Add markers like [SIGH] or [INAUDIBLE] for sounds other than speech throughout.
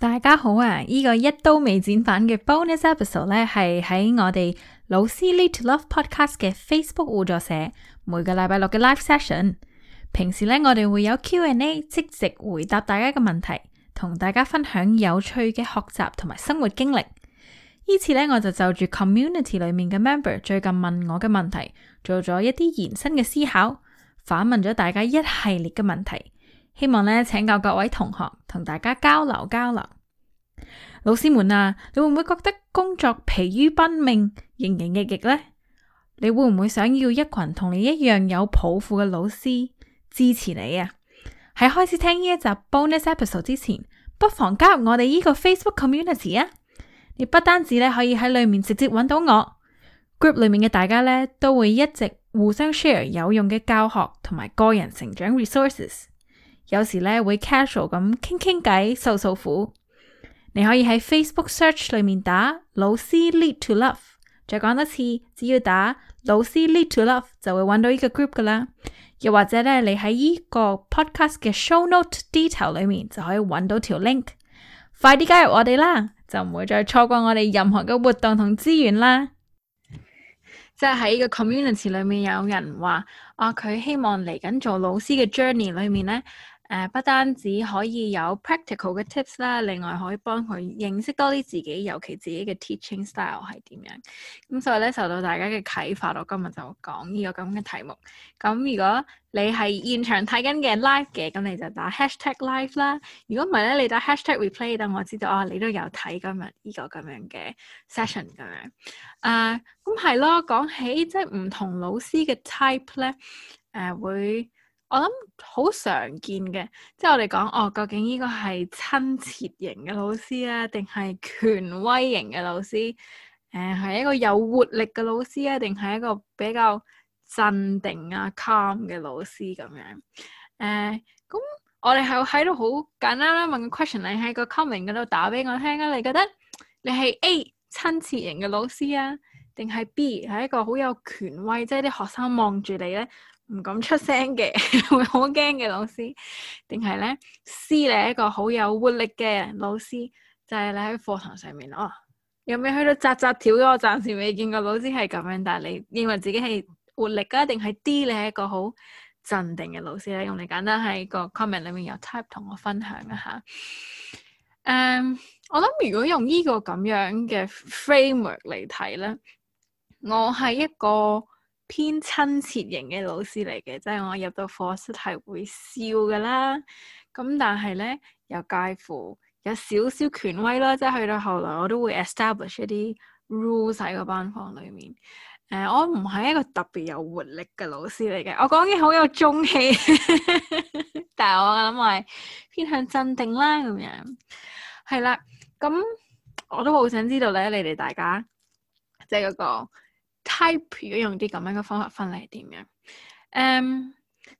大家好啊！呢、這個一刀未剪版嘅 bonus episode 咧，係喺我哋老師 Lead To Love podcast 嘅 Facebook 互助社每個禮拜六嘅 live session。平時咧，我哋會有 Q and A，即席回答大家嘅問題，同大家分享有趣嘅學習同埋生活經歷。次呢次咧，我就就住 community 裏面嘅 member 最近問我嘅問題，做咗一啲延伸嘅思考，反問咗大家一系列嘅問題。希望咧，請教各位同學同大家交流交流。老師們啊，你會唔會覺得工作疲於奔命，營營役役呢？你會唔會想要一群同你一樣有抱負嘅老師支持你啊？喺開始聽呢一集 Bonus Episode 之前，不妨加入我哋呢個 Facebook Community 啊！你不單止咧可以喺裏面直接揾到我，group 裏面嘅大家咧都會一直互相 share 有用嘅教學同埋個人成長 resources。有時咧會 casual 咁傾傾偈、訴訴苦。你可以喺 Facebook search 裏面打老師 lead to love，再講多次，只要打老師 lead to love 就會揾到呢個 group 噶啦。又或者咧，你喺依個 podcast 嘅 show note detail 裏面就可以揾到條 link。快啲加入我哋啦，就唔會再錯過我哋任何嘅活動同資源啦。即係喺個 community 裏面有人話，啊佢希望嚟緊做老師嘅 journey 裏面呢。誒、呃、不單止可以有 practical 嘅 tips 啦，另外可以幫佢認識多啲自己，尤其自己嘅 teaching style 係點樣。咁、嗯、所以咧受到大家嘅啟發，我今日就講呢、這個咁嘅題目。咁如果你係現場睇緊嘅 live 嘅，咁你就打 hashtag live 啦。如果唔係咧，你打 hashtag replay 等我知道啊，你都有睇今日呢、這個咁樣嘅 session 咁樣。啊、呃，咁、嗯、係咯，講起即係唔同老師嘅 type 咧，誒、呃、會。我諗好常見嘅，即係我哋講哦，究竟呢個係親切型嘅老師咧、啊，定係權威型嘅老師？誒、呃，係一個有活力嘅老師咧、啊，定係一個比較鎮定啊、calm 嘅老師咁樣？誒、呃，咁我哋係喺度好簡單啦，問個 question，你喺個 comment 嗰度打俾我聽啊！你覺得你係 A 親切型嘅老師啊，定係 B 係一個好有權威，即係啲學生望住你咧？唔敢出聲嘅，會好驚嘅老師，定係咧？C 你係一個好有活力嘅老師，就係你喺課堂上面哦，有冇去到扎扎跳？我暫時未見過老師係咁樣，但係你認為自己係活力啊，定係 D 你係一個好鎮定嘅老師咧？用嚟簡單喺個 comment 裏面有 type 同我分享一下。誒、um，我諗如果用呢個咁樣嘅 framework 嚟睇咧，我係一個。偏親切型嘅老師嚟嘅，即係我入到課室係會笑噶啦，咁但係咧又介乎有少少權威啦，即係去到後來我都會 establish 一啲 rules 喺個班房裏面。誒、呃，我唔係一個特別有活力嘅老師嚟嘅，我講嘢好有中氣， [LAUGHS] 但係我諗我係偏向鎮定啦咁樣。係啦，咁我都好想知道咧，你哋大家即係嗰個。Type 如果用啲咁樣嘅方法分嚟係點樣？誒、um，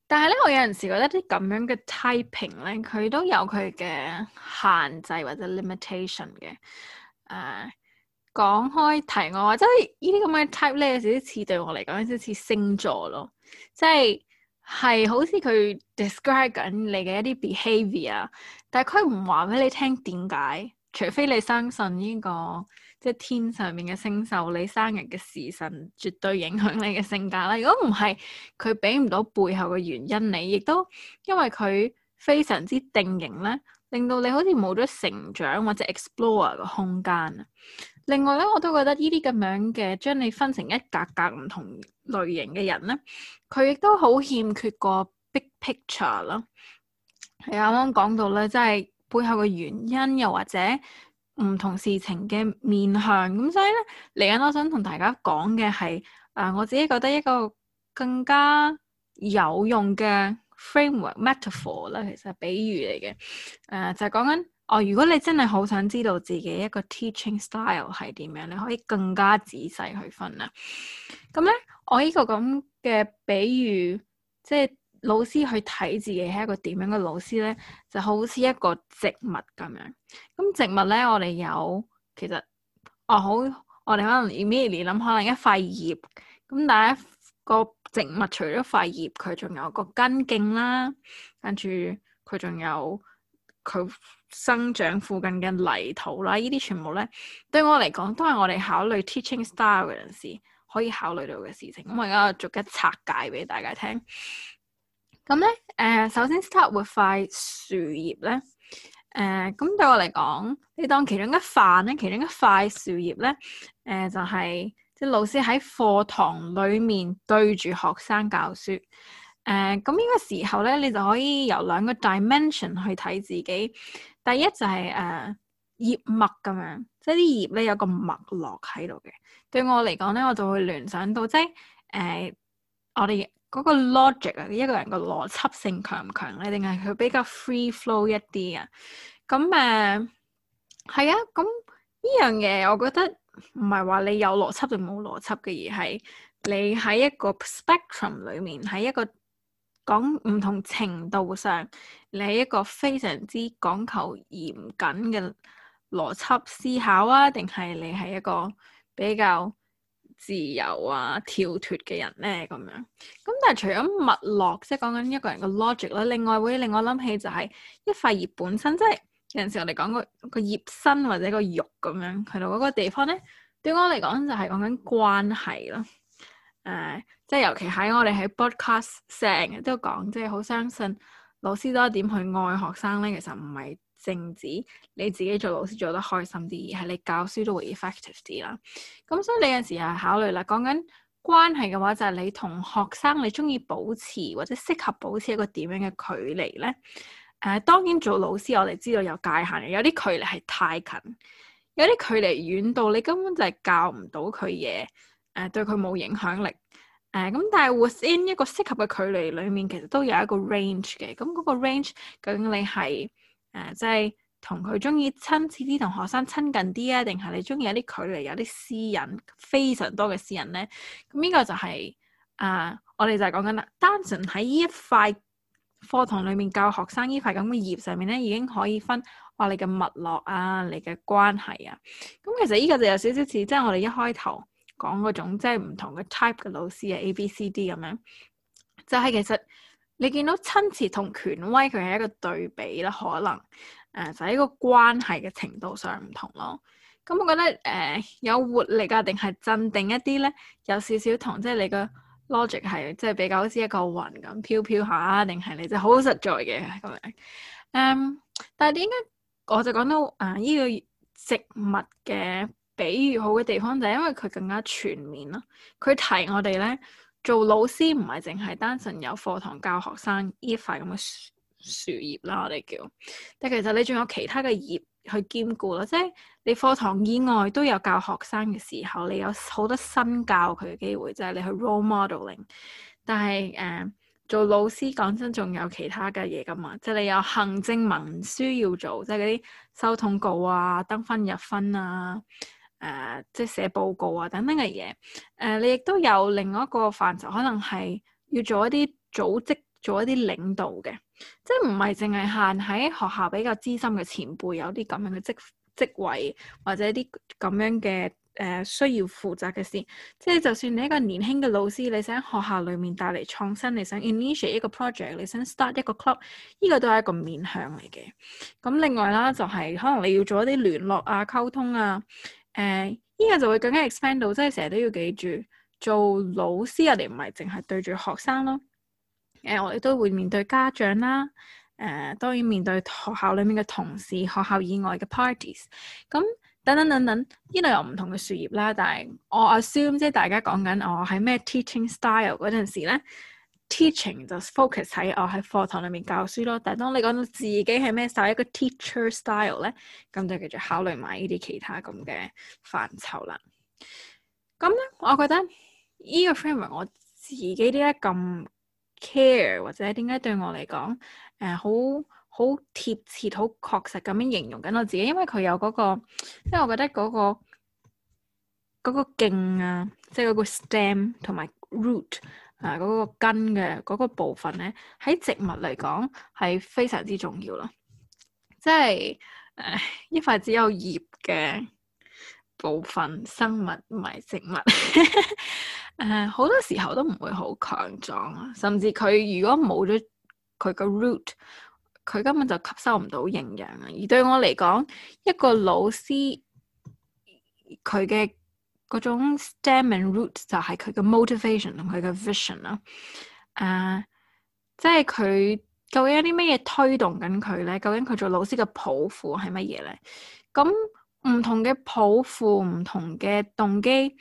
但係咧，我有陣時覺得啲咁樣嘅 typing 咧，佢都有佢嘅限制或者 limitation 嘅。誒，講開題外，即係呢啲咁嘅 type 咧，有陣時似對我嚟講，即係似星座咯，即係係好似佢 describe 緊你嘅一啲 behavior，但係佢唔話俾你聽點解，除非你相信呢個。即係天上面嘅星宿，你生日嘅時辰絕對影響你嘅性格啦。如果唔係，佢俾唔到背後嘅原因，你亦都因為佢非常之定型咧，令到你好似冇咗成長或者 explore 嘅空間。另外咧，我都覺得呢啲咁樣嘅將你分成一格格唔同類型嘅人咧，佢亦都好欠缺個 big picture 咯。係啱啱講到咧，即係背後嘅原因，又或者。唔同事情嘅面向，咁所以咧嚟緊我想同大家講嘅係，誒、呃、我自己覺得一個更加有用嘅 framework metaphor 啦，其實係比喻嚟嘅，誒、呃、就係講緊，哦、呃、如果你真係好想知道自己一個 teaching style 係點樣咧，你可以更加仔細去分啊，咁、嗯、咧我呢個咁嘅比喻，即係。老師去睇自己係一個點樣嘅老師咧，就好似一個植物咁樣。咁植物咧，我哋有其實，哦，好，我哋可能 immediately 諗可能一塊葉。咁但係個植物除咗塊葉，佢仲有個根莖啦，跟住佢仲有佢生長附近嘅泥土啦。呢啲全部咧，對我嚟講都係我哋考慮 teaching style 嗰陣時可以考慮到嘅事情。咁我而家逐一拆解俾大家聽。咁咧，誒、嗯，首先 start with 塊樹葉咧，誒、呃，咁對我嚟講，你當其中一塊咧，其中一塊樹葉咧，誒、呃，就係、是、即係老師喺課堂裏面對住學生教書，誒、呃，咁呢個時候咧，你就可以由兩個 dimension 去睇自己。第一就係、是、誒、呃、葉脈咁樣，即係啲葉咧有個脈絡喺度嘅。對我嚟講咧，我就會聯想到即係誒、呃、我哋。嗰個 logic 啊，一個人個邏輯性強唔強咧？定係佢比較 free flow 一啲、呃、啊？咁誒係啊？咁呢樣嘢，我覺得唔係話你有邏輯定冇邏輯嘅，而係你喺一個 spectrum 裡面，喺一個講唔同程度上，你係一個非常之講求嚴謹嘅邏輯思考啊，定係你係一個比較自由啊，跳脫嘅人咧咁樣，咁但係除咗脈絡，即係講緊一個人嘅 logic 咧，另外會令我諗起就係一塊葉本身，即係有陣時我哋講個個葉身或者個肉咁樣，去到嗰個地方咧，對我嚟講就係講緊關係咯，誒、呃，即係尤其喺我哋喺 podcast 上都講，即係好相信老師多一點去愛學生咧，其實唔係。靜止，你自己做老師做得開心啲，而係你教書都會 effective 啲啦。咁、嗯、所以你有陣時係考慮啦。講緊關係嘅話，就係、是、你同學生你中意保持或者適合保持一個點樣嘅距離咧？誒、呃，當然做老師我哋知道有界限嘅，有啲距離係太近，有啲距離遠到你根本就係教唔到佢嘢，誒、呃、對佢冇影響力。誒、呃、咁，但係 within 一個適合嘅距離裡面，其實都有一個 range 嘅。咁嗰個 range 究竟你係？誒、呃，即係同佢中意親切啲，同學生親近啲啊，定係你中意有啲距離、有啲私隱，非常多嘅私隱咧？咁呢個就係、是、啊、呃，我哋就係講緊啦，單純喺呢一塊課堂裏面教學生塊呢塊咁嘅業上面咧，已經可以分話你嘅脈絡啊，你嘅關係啊。咁其實呢個就有少少似，即、就、係、是、我哋一開頭講嗰種，即係唔同嘅 type 嘅老師啊，A、B、C、D 咁樣，就係、是、其實。你見到親切同權威，佢係一個對比啦，可能誒、呃、就係呢個關係嘅程度上唔同咯。咁、嗯、我覺得誒、呃、有活力啊，定係鎮定一啲咧，有少少同即係你嘅 logic 係即係比較好似一個雲咁飄飄下，定係你就好實在嘅咁樣。嗯，但係點解我就講到誒呢、呃呢個植物嘅比喻好嘅地方就係因為佢更加全面啦，佢提我哋咧。做老師唔係淨係單純有課堂教學生呢塊咁嘅樹葉啦，我哋叫，但其實你仲有其他嘅葉去兼顧啦，即係你課堂以外都有教學生嘅時候，你有好多身教佢嘅機會，即係你去 role modeling，但係誒，uh，做老師講真，仲有其他嘅嘢㗎嘛？即係你有行政文書要做，即係嗰啲收通告啊、登分入分啊。誒、呃，即係寫報告啊，等等嘅嘢。誒、呃，你亦都有另外一個範疇，可能係要做一啲組織，做一啲領導嘅，即係唔係淨係限喺學校比較資深嘅前輩有啲咁樣嘅職職位，或者啲咁樣嘅誒、呃、需要負責嘅事。即係就算你一個年輕嘅老師，你想學校裡面帶嚟創新，你想 initiate 一個 project，你想 start 一個 club，呢個都係一個面向嚟嘅。咁另外啦，就係、是、可能你要做一啲聯絡啊、溝通啊。誒，依個就會更加 expand 到，即係成日都要記住，做老師啊，你唔係淨係對住學生咯。誒、uh，我哋都會面對家長啦，誒，當然面對學校裡面嘅同事，學校以外嘅 parties，咁等等等等，呢度有唔同嘅樹葉啦。但係我 assume 即係大家講緊我喺咩 teaching style 嗰陣時咧。Teaching 就 focus 喺我喺課堂裏面教書咯，但係當你講到自己係咩就係一個 teacher style 咧、so, so，咁就繼續考慮埋呢啲其他咁嘅範疇啦。咁、like, 咧，我覺得依個 framework 我自己點解咁 care 或者點解對我嚟講誒好好貼切、好確實咁樣形容緊我自己，因為佢有嗰個，即係我覺得嗰個嗰個莖啊，即係嗰個 stem 同埋 root。Like, 啊！嗰、那個根嘅嗰個部分咧，喺植物嚟講係非常之重要啦。即係誒、呃，一塊只有葉嘅部分，生物唔係植物。誒、 [LAUGHS] 呃，好多時候都唔會好強壯啊。甚至佢如果冇咗佢個 root，佢根本就吸收唔到營養啊。而對我嚟講，一個老師佢嘅嗰種 stem and root 就係佢嘅 motivation 同佢嘅 vision 啦，啊、uh，即係佢究竟有啲乜嘢推動緊佢咧？究竟佢做老師嘅抱負係乜嘢咧？咁唔同嘅抱負，唔同嘅動機。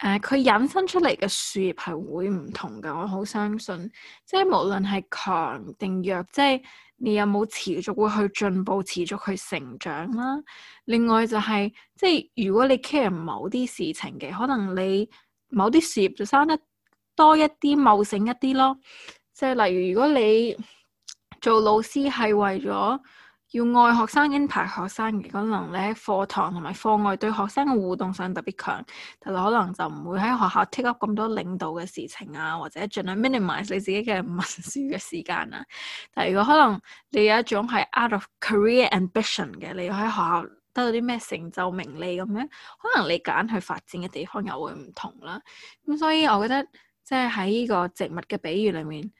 誒佢、呃、引申出嚟嘅樹葉係會唔同嘅，我好相信，即係無論係強定弱，即係你有冇持續會去進步、持續去成長啦。另外就係、是、即係如果你 care 某啲事情嘅，可能你某啲樹葉就生得多一啲、茂盛一啲咯。即係例如如果你做老師係為咗。要愛學生，impact 學生嘅，可能你喺課堂同埋課外對學生嘅互動性特別強，但係可能就唔會喺學校 take up 咁多領導嘅事情啊，或者盡量 minimize 你自己嘅文書嘅時間啊。但係如果可能你有一種係 out of career ambition 嘅，你要喺學校得到啲咩成就名利咁樣，可能你揀去發展嘅地方又會唔同啦。咁所以我覺得即係喺呢個植物嘅比喻裏面。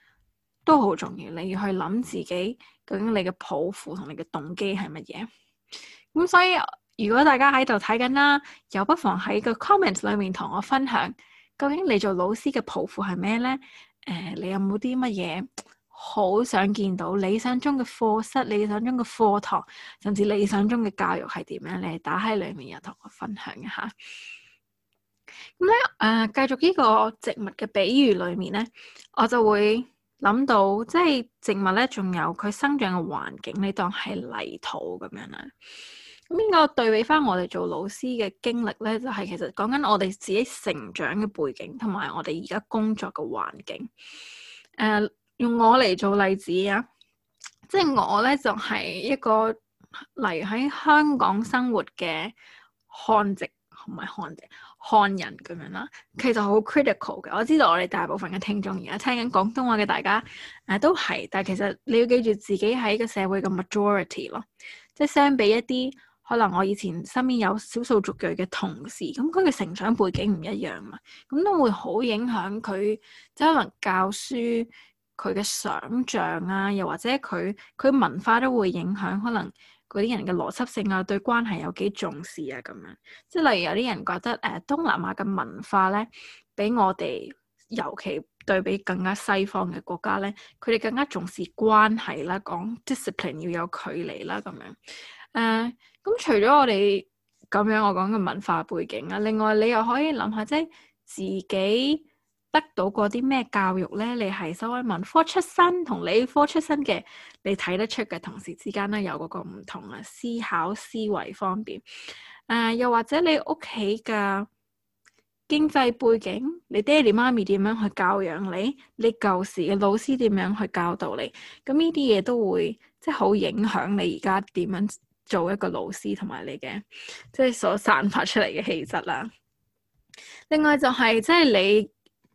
都好重要，你要去諗自己究竟你嘅抱負同你嘅動機係乜嘢？咁所以如果大家喺度睇緊啦，又不妨喺個 comment 裏面同我分享，究竟你做老師嘅抱負係咩咧？誒、呃，你有冇啲乜嘢好想見到理想中嘅課室、理想中嘅課堂，甚至理想中嘅教育係點樣？你打喺裏面又同我分享一下。咁咧誒、繼、呃、續呢個植物嘅比喻裏面咧，我就會。諗到即係植物咧，仲有佢生長嘅環境，你當係泥土咁樣啦。咁呢個對比翻我哋做老師嘅經歷咧，就係其實講緊我哋自己成長嘅背景，同埋我哋而家工作嘅環境。誒，用我嚟做例子啊，即係我咧就係一個嚟喺香港生活嘅漢籍同埋漢籍漢人咁樣啦，其實好 critical 嘅。我知道我哋大部分嘅聽眾而家聽緊廣東話嘅大家，誒、啊、都係，但係其實你要記住自己係一個社會嘅 majority 咯，即係相比一啲可能我以前身邊有少數族裔嘅同事，咁佢嘅成長背景唔一樣嘛，咁都會好影響佢，即係可能教書佢嘅想像啊，又或者佢佢文化都會影響可能。嗰啲人嘅邏輯性啊，對關係有幾重視啊，咁樣，即係例如有啲人覺得，誒、呃、東南亞嘅文化咧，比我哋，尤其對比更加西方嘅國家咧，佢哋更加重視關係啦，講 discipline 要有距離啦，咁樣，誒、呃，咁除咗我哋咁樣我講嘅文化背景啊，另外你又可以諗下即係自己，得到過啲咩教育咧？你係稍微文科出身同理科出身嘅，你睇得出嘅同事之間咧，有嗰個唔同啊，思考思維方面，誒、呃，又或者你屋企嘅經濟背景，你爹哋媽咪點樣去教養你，你舊時嘅老師點樣去教導你，咁呢啲嘢都會即係好影響你而家點樣做一個老師同埋你嘅即係所散發出嚟嘅氣質啦。另外就係、是、即係你。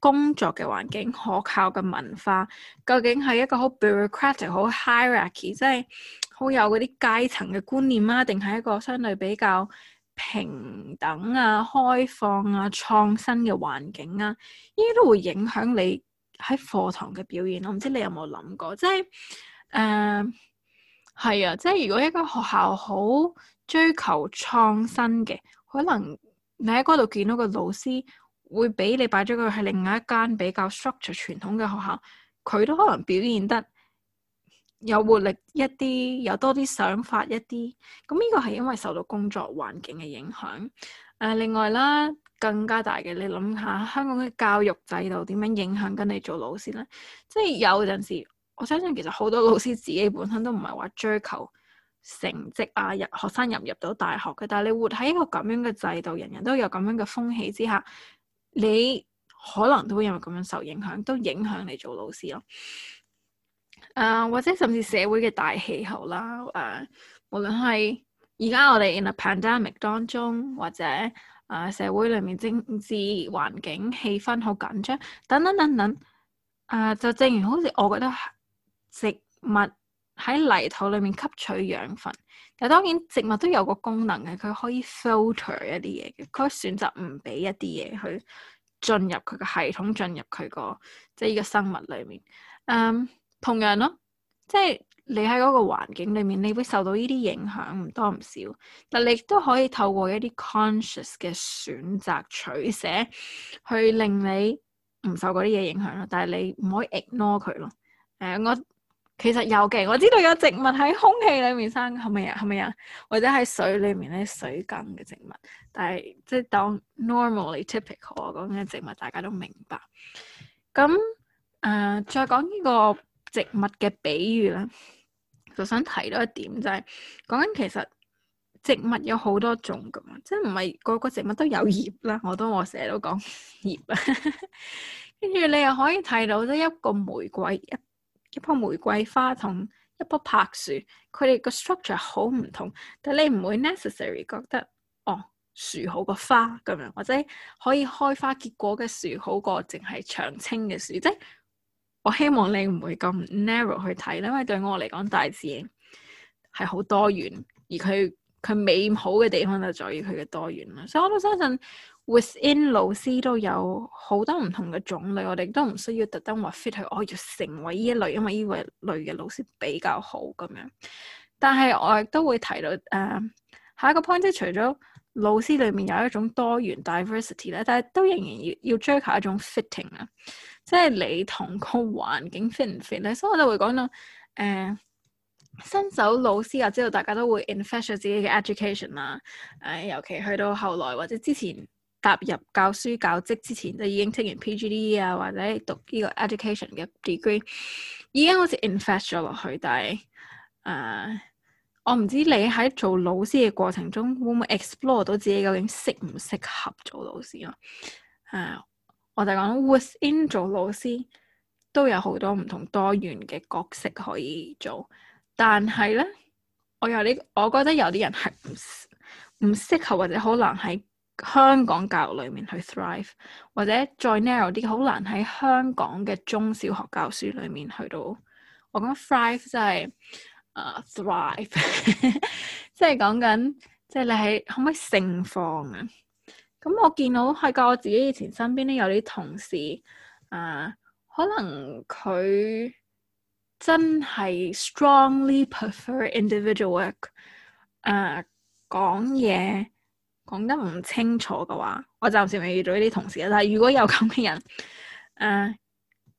工作嘅環境、可靠嘅文化，究竟係一個好 bureaucratic、好 hierarchy，即係好有嗰啲階層嘅觀念啊，定係一個相對比較平等啊、開放啊、創新嘅環境啊？呢啲都會影響你喺課堂嘅表現。我唔知你有冇諗過，即係誒係啊，即係如果一個學校好追求創新嘅，可能你喺嗰度見到個老師。會俾你擺咗佢去另外一間比較 structure 傳統嘅學校，佢都可能表現得有活力一啲，有多啲想法一啲。咁呢個係因為受到工作環境嘅影響。誒、呃，另外啦，更加大嘅，你諗下香港嘅教育制度點樣影響緊你做老師咧？即係有陣時，我相信其實好多老師自己本身都唔係話追求成績啊，入學生入唔入到大學嘅。但係你活喺一個咁樣嘅制度，人人都有咁樣嘅風氣之下。你可能都會因為咁樣受影響，都影響你做老師咯。誒、uh,，或者甚至社會嘅大氣候啦，誒、uh,，無論係而家我哋 in a pandemic 當中，或者誒、uh, 社會裡面政治環境氣氛好緊張，等等等等。誒、uh,，就正如好似我覺得植物，喺泥土裏面吸取養分，但當然植物都有個功能嘅，佢可以 filter 一啲嘢嘅，佢選擇唔俾一啲嘢去進入佢個系統，進入佢個即係呢個生物裏面。嗯，同樣咯，即係你喺嗰個環境裏面，你會受到呢啲影響唔多唔少，但你亦都可以透過一啲 conscious 嘅選擇取捨，去令你唔受嗰啲嘢影響咯。但係你唔可以 ignore 佢咯。誒，我。其實有嘅，我知道有植物喺空氣裏面生，係咪啊？係咪啊？或者喺水裏面咧，水耕嘅植物，但係即係當 normally typical 我講嘅植物，大家都明白。咁誒、呃，再講呢個植物嘅比喻咧，就想提到一點就係講緊其實植物有好多種咁啊，即係唔係個個植物都有葉啦。我都我成日都講葉啊，跟 [LAUGHS] 住你又可以睇到咗一個玫瑰。一樖玫瑰花同一樖柏樹，佢哋個 structure 好唔同，但你唔會 necessary 覺得哦樹好過花咁樣，或者可以開花結果嘅樹好過淨係長青嘅樹。即係我希望你唔會咁 narrow 去睇，因為對我嚟講，大自然係好多元，而佢佢美好嘅地方就在於佢嘅多元啦。所以我都相信。Within 老師都有好多唔同嘅種類，我哋都唔需要特登話 fit 去，我要成為呢一類，因為呢一類嘅老師比較好咁樣。但係我亦都會提到，誒、呃、下一個 point 即係除咗老師裡面有一種多元 diversity 咧，但係都仍然要要追求一種 fitting 啊，即係你同個環境 fit 唔 fit 咧。所以我都會講到，誒、呃、新手老師就知道大家都會 enrich 自己嘅 education 啦、啊。誒尤其去到後來或者之前。踏入教書教職之前，就已經聽完 PGD 啊，或者讀呢個 education 嘅 degree，已經好似 invest 咗落去。但係誒，uh，我唔知你喺做老師嘅過程中，會唔會 explore 到自己究竟適唔適合做老師啊？誒、uh，我就講 within 做老師都有好多唔同多元嘅角色可以做，但係咧，我有啲，我覺得有啲人係唔唔適合，或者可能係。香港教育裏面去 thrive，或者再 narrow 啲，好難喺香港嘅中小學教書裏面去到。我講 th、就係 uh, thrive [LAUGHS] 就係誒 thrive，即係講緊，即、就、係、係、你係可唔可以盛放啊？咁我見到係個我自己以前身邊咧有啲同事啊，uh, 可能佢真係 strongly prefer individual work，誒講嘢。講得唔清楚嘅話，我暫時未遇到呢啲同事啦。但係如果有咁嘅人，誒、呃，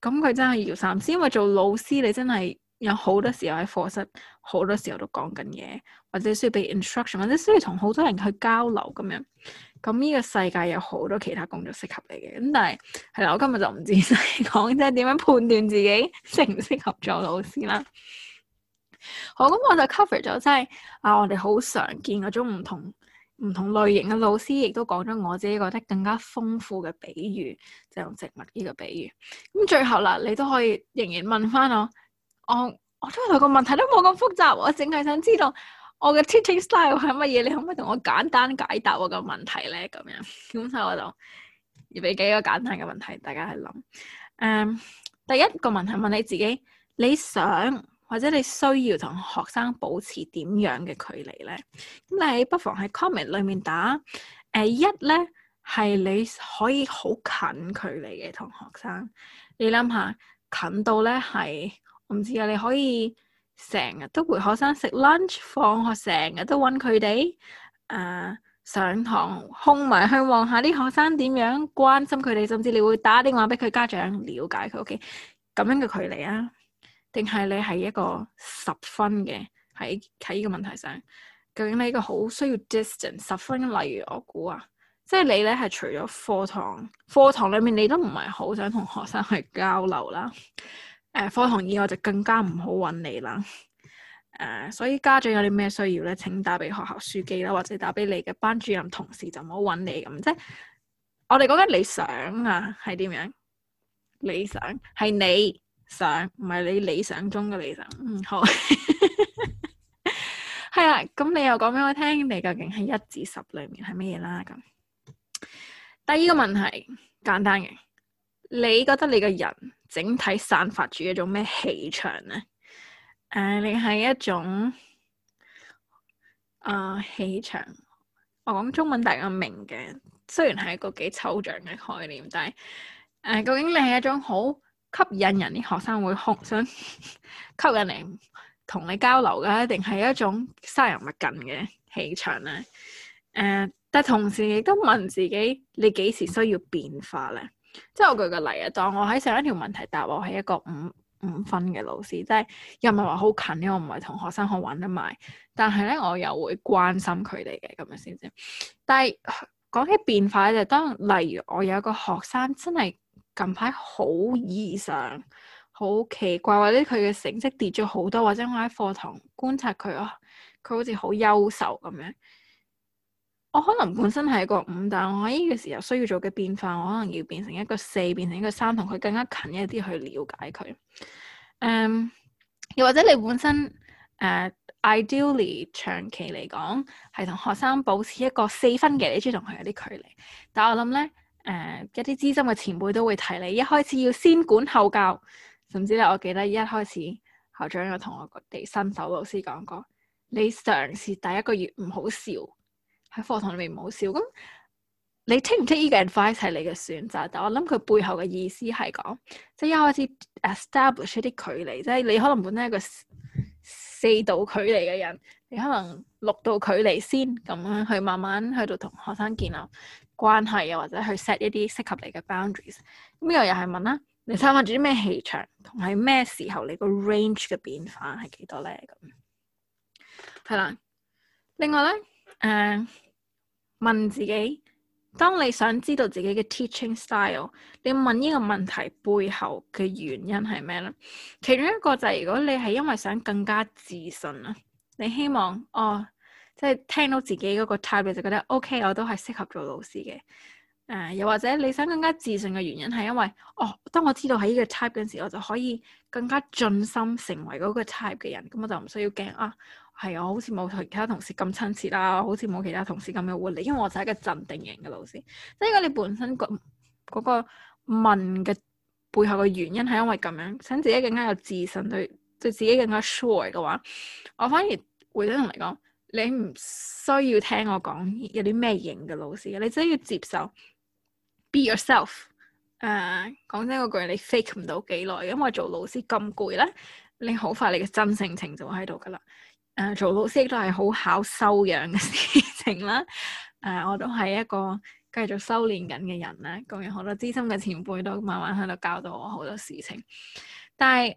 咁佢真係要三思，因為做老師你真係有好多時候喺課室，好多時候都講緊嘢，或者需要俾 instruction，或者需要同好多人去交流咁樣。咁呢個世界有好多其他工作適合你嘅，咁但係係啦，我今日就唔知講即係點樣判斷自己適唔適合做老師啦。好，咁我就 cover 咗即係啊，我哋好常見嗰種唔同。唔同類型嘅老師，亦都講咗我自己覺得更加豐富嘅比喻，就用、是、植物呢個比喻。咁最後啦，你都可以仍然問翻我，我我都個問題都冇咁複雜，我淨係想知道我嘅 teaching style 係乜嘢，你可唔可以同我簡單解答我個問題咧？咁樣，咁所以我就要俾幾個簡單嘅問題大家去諗。嗯、um,，第一個問題問你自己，你想？或者你需要同學生保持點樣嘅距離咧？咁你不妨喺 comment 裏面打誒、呃、一咧，係你可以好近距離嘅同學生。你諗下，近到咧係我唔知啊，你可以成日都陪學生食 lunch，放學成日都揾佢哋，誒上堂，空埋去望下啲學生點樣，關心佢哋，甚至你會打電話俾佢家長了解佢屋企，咁樣嘅距離啊！定係你係一個十分嘅，喺喺呢個問題上，究竟你一個好需要 distance 十分，例如我估啊，即係你咧係除咗課堂課堂裡面，你都唔係好想同學生去交流啦。誒，課堂以外就更加唔好揾你啦。誒、呃，所以家長有啲咩需要咧，請打俾學校書記啦，或者打俾你嘅班主任同事，就唔好揾你咁。即係我哋講緊理想啊，係點樣理想係你。想唔係你理想中嘅理想。嗯，好。係 [LAUGHS] 啦， [LAUGHS] 咁你又講俾我聽你究竟係一至十裏面係乜嘢啦？咁第二個問題簡單嘅，你覺得你個人整體散發住一種咩氣場咧？誒、呃，你係一種誒氣、呃、場，我講中文大家明嘅。雖然係一個幾抽象嘅概念，但係誒、呃，究竟你係一種好？吸引人啲，學生會想吸引你同你交流嘅，定係一種生人勿近嘅氣場咧？誒、呃，但同時亦都問自己，你幾時需要變化咧？即係我舉個例啊，當我喺上一條問題答我係一個五五分嘅老師，即係又唔係話好近，因為唔係同學生可玩得埋，但係咧我又會關心佢哋嘅咁樣先啫。但係講起變化就當例如我有一個學生真係，近排好異常，好奇怪，或者佢嘅成績跌咗好多，或者我喺課堂觀察佢，哦、啊，佢好似好優秀咁樣。我可能本身係一個五，但我喺呢個時候需要做嘅變化，我可能要變成一個四，變成一個三，同佢更加近一啲去了解佢。嗯、um,，又或者你本身誒、uh,，ideally 長期嚟講係同學生保持一個四分嘅，你中意同佢有啲距離，但係我諗咧。誒、uh, 一啲資深嘅前輩都會提你，一開始要先管後教，甚至咧，我記得一開始校長有同我哋新手老師講過，你嘗試第一個月唔好笑，喺課堂裡面唔好笑。咁你聽唔聽呢個 advice 係你嘅選擇，但我諗佢背後嘅意思係講，即係一開始 establish 一啲距離，即係你可能本身一個四度距離嘅人，你可能六度距離先咁樣去慢慢去到同學生建立關係，又或者去 set 一啲適合你嘅 boundaries，咁呢個又係問啦，你散發住啲咩氣場，同係咩時候你個 range 嘅變化係幾多咧？咁係啦。另外咧，誒、嗯、問自己，當你想知道自己嘅 teaching style，你問呢個問題背後嘅原因係咩咧？其中一個就係、是、如果你係因為想更加自信啦，你希望哦。即係聽到自己嗰個 type，你就覺得 OK，我都係適合做老師嘅。誒、呃，又或者你想更加自信嘅原因係因為，哦，當我知道喺呢個 type 嗰陣時，我就可以更加盡心成為嗰個 type 嘅人。咁我就唔需要驚啊，係、哎、啊，好似冇同其他同事咁親切啦，好似冇其他同事咁嘅活力，因為我就係一個鎮定型嘅老師。即係如果你本身嗰、嗰個問嘅背後嘅原因係因為咁樣，想自己更加有自信，對對自己更加 sure 嘅話，我反而回頭嚟講。你唔需要聽我講有啲咩型嘅老師，你真要接受 be yourself。誒，講真嗰句，你 fake 唔到幾耐，因為做老師咁攰咧，你好快你嘅真性情就會喺度噶啦。誒、uh,，做老師都係好考修養嘅事情啦。誒、uh,，我都係一個繼續修煉緊嘅人啦。咁有好多資深嘅前輩都慢慢喺度教導我好多事情，但係。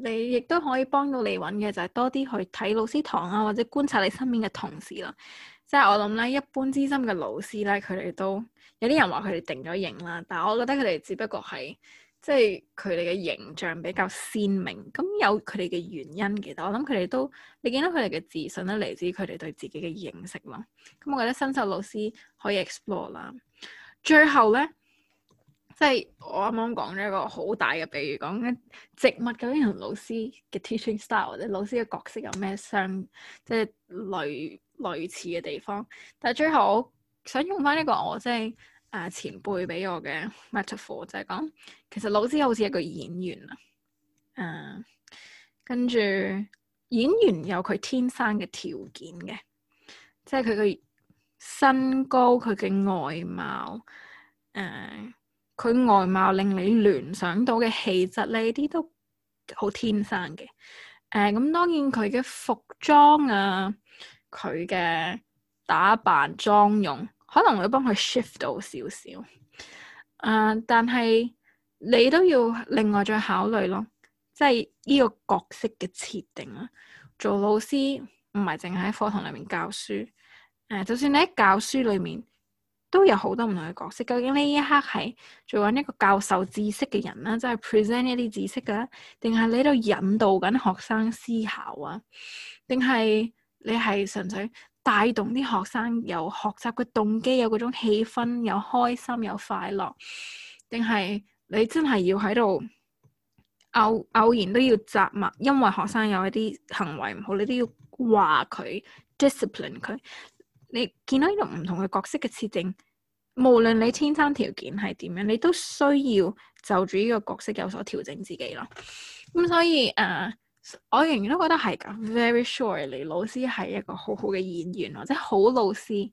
你亦都可以幫到你揾嘅就係多啲去睇老師堂啊，或者觀察你身邊嘅同事啦。即係我諗咧，一般資深嘅老師咧，佢哋都有啲人話佢哋定咗型啦。但係我覺得佢哋只不過係即係佢哋嘅形象比較鮮明，咁有佢哋嘅原因嘅。但我諗佢哋都，你見到佢哋嘅自信都嚟自於佢哋對自己嘅認識咯。咁我覺得新手老師可以 explore 啦。最後咧。即係我啱啱講咗一個好大嘅比喻，講植物嗰啲同老師嘅 teaching style 或者老師嘅角色有咩相，即係類類似嘅地方。但係最後我想用翻一個我即係誒前輩俾我嘅 metaphor，就係講其實老師好似一個演員啊。誒、呃，跟住演員有佢天生嘅條件嘅，即係佢嘅身高、佢嘅外貌誒。呃佢外貌令你聯想到嘅氣質，呢啲都好天生嘅。誒、呃，咁當然佢嘅服裝啊，佢嘅打扮妝容可能會幫佢 shift 到少少。誒、呃，但係你都要另外再考慮咯，即係呢個角色嘅設定啊。做老師唔係淨係喺課堂裡面教書。誒、嗯呃，就算你喺教書裡面，都有好多唔同嘅角色，究竟呢一刻係做緊一個教授知識嘅人啦、啊，即係 present 一啲知識嘅、啊，定係你喺度引導緊學生思考啊？定係你係純粹帶動啲學生有學習嘅動機，有嗰種氣氛，有開心有快樂？定係你真係要喺度偶偶然都要責罵，因為學生有一啲行為唔好，你都要話佢 discipline 佢。Dis 你見到呢個唔同嘅角色嘅設定，無論你天生條件係點樣，你都需要就住呢個角色有所調整自己咯。咁、嗯、所以誒，uh, 我仍然都覺得係噶，very sure 你老師係一個好好嘅演員或者好老師誒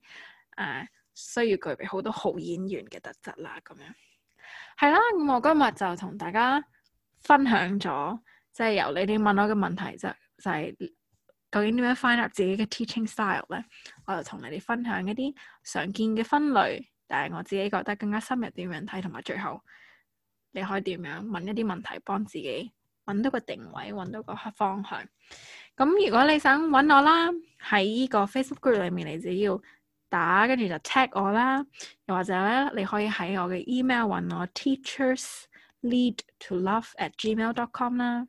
，uh, 需要具備好多好演員嘅特質啦。咁樣係啦，咁 [LAUGHS] 我今日就同大家分享咗，即、就、係、係、由你哋問我嘅問題就就係、係。究竟點樣 find out 自己嘅 teaching style 咧？我就同你哋分享一啲常見嘅分類，但係我自己覺得更加深入點樣睇，同埋最後你可以點樣問一啲問題，幫自己揾到個定位，揾到個方向。咁如果你想揾我啦，喺呢個 Facebook group 裏面你只要打跟住就 tag 我啦，又或者咧你可以喺我嘅 email 揾我 [LAUGHS] teachersleadtolove@gmail.com at dot 啦。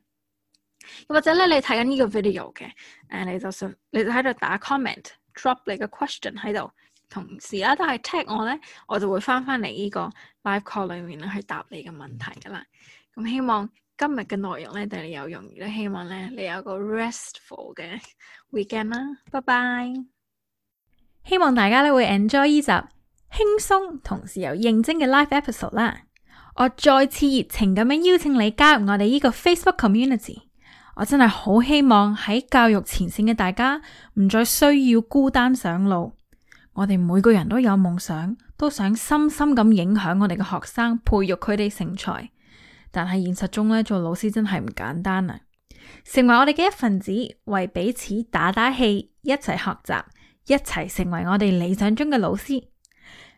或者咧，你睇緊呢個 video 嘅，誒、啊，你就想你就喺度打 comment，drop 你嘅 question 喺度，同時啦都係 tag 我咧，我就會翻翻嚟，呢個 live call 裏面咧去答你嘅問題噶啦。咁希望今日嘅內容咧對你有用，亦都希望咧你有個 restful 嘅 weekend 啦。拜拜，希望大家咧會 enjoy 呢集輕鬆同時又認真嘅 live episode 啦。我再次熱情咁樣邀請你加入我哋呢個 Facebook community。我真係好希望喺教育前線嘅大家唔再需要孤單上路。我哋每個人都有夢想，都想深深咁影響我哋嘅學生，培育佢哋成才。但係現實中咧，做老師真係唔簡單啊！成為我哋嘅一份子，為彼此打打氣，一齊學習，一齊成為我哋理想中嘅老師。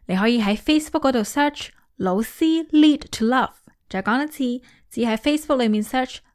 你可以喺 Facebook 嗰度 search 老師 Lead To Love。再講一次，只喺 Facebook 裡面 search。